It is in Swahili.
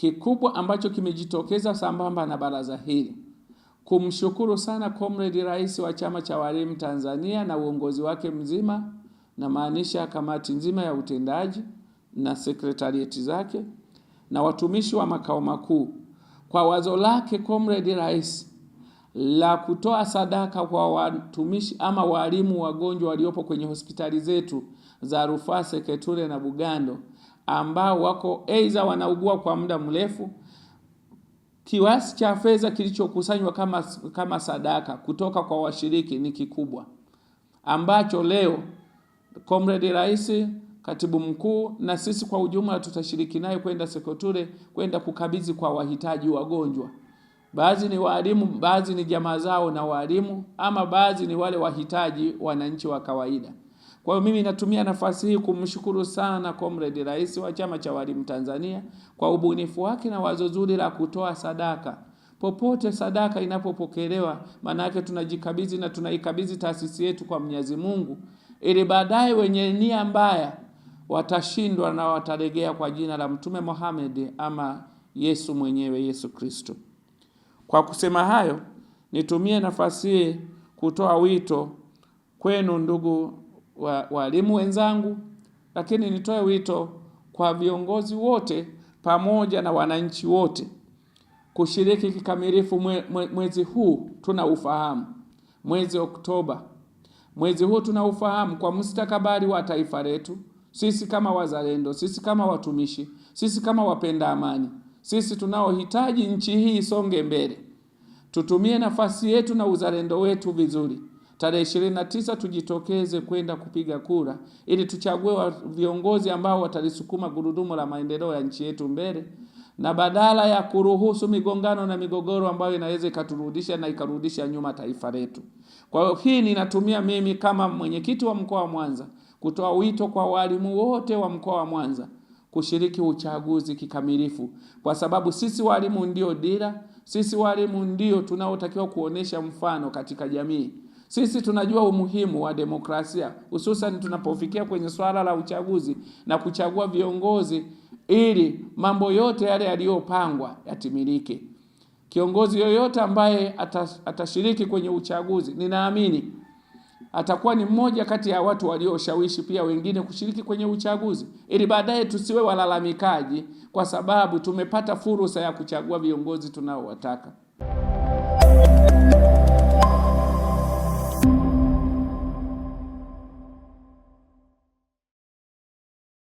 kikubwa ambacho kimejitokeza sambamba na baraza hili kumshukuru sana comrade rais wa chama cha walimu Tanzania na uongozi wake mzima, na maanisha kamati nzima ya utendaji na sekretarieti zake na watumishi wa makao makuu kwa wazo lake comrade rais la kutoa sadaka kwa watumishi ama walimu wagonjwa waliopo kwenye hospitali zetu za rufaa Seketure na Bugando ambao wako aidha wanaugua kwa muda mrefu, kiasi cha fedha kilichokusanywa kama, kama sadaka kutoka kwa washiriki ni kikubwa, ambacho leo Comrade Rais, katibu mkuu na sisi kwa ujumla tutashiriki naye kwenda Sekoture kwenda kukabidhi kwa wahitaji wagonjwa. Baadhi ni walimu, baadhi ni jamaa zao na walimu, ama baadhi ni wale wahitaji wananchi wa kawaida. Kwa hiyo mimi natumia nafasi hii kumshukuru sana Comrade Rais wa Chama cha Walimu Tanzania kwa ubunifu wake na wazo zuri la kutoa sadaka. Popote sadaka inapopokelewa, maana yake tunajikabidhi na tunaikabidhi taasisi yetu kwa Mwenyezi Mungu, ili baadaye wenye nia mbaya watashindwa na wataregea kwa jina la Mtume Muhammad ama Yesu mwenyewe, Yesu Kristo. Kwa kusema hayo, nitumie nafasi hii kutoa wito kwenu ndugu walimu wenzangu, lakini nitoe wito kwa viongozi wote pamoja na wananchi wote kushiriki kikamilifu mwe, mwe, mwezi huu tuna ufahamu mwezi Oktoba. Mwezi huu tuna ufahamu kwa mustakabali wa taifa letu, sisi kama wazalendo, sisi kama watumishi, sisi kama wapenda amani, sisi tunaohitaji nchi hii isonge mbele. Tutumie nafasi yetu na uzalendo wetu vizuri. Tarehe 29 tujitokeze kwenda kupiga kura ili tuchague viongozi ambao watalisukuma gurudumu la maendeleo ya nchi yetu mbele, na badala ya kuruhusu migongano na migogoro ambayo inaweza ikaturudisha na ikarudisha nyuma taifa letu. Kwa hiyo hii ninatumia mimi kama mwenyekiti wa mkoa wa Mwanza kutoa wito kwa walimu wote wa mkoa wa Mwanza kushiriki uchaguzi kikamilifu, kwa sababu sisi walimu ndio dira, sisi walimu ndio tunaotakiwa kuonesha mfano katika jamii. Sisi tunajua umuhimu wa demokrasia, hususan tunapofikia kwenye swala la uchaguzi na kuchagua viongozi ili mambo yote yale yaliyopangwa yatimilike. Kiongozi yoyote ambaye atashiriki kwenye uchaguzi, ninaamini atakuwa ni mmoja kati ya watu walioshawishi pia wengine kushiriki kwenye uchaguzi, ili baadaye tusiwe walalamikaji kwa sababu tumepata fursa ya kuchagua viongozi tunaowataka.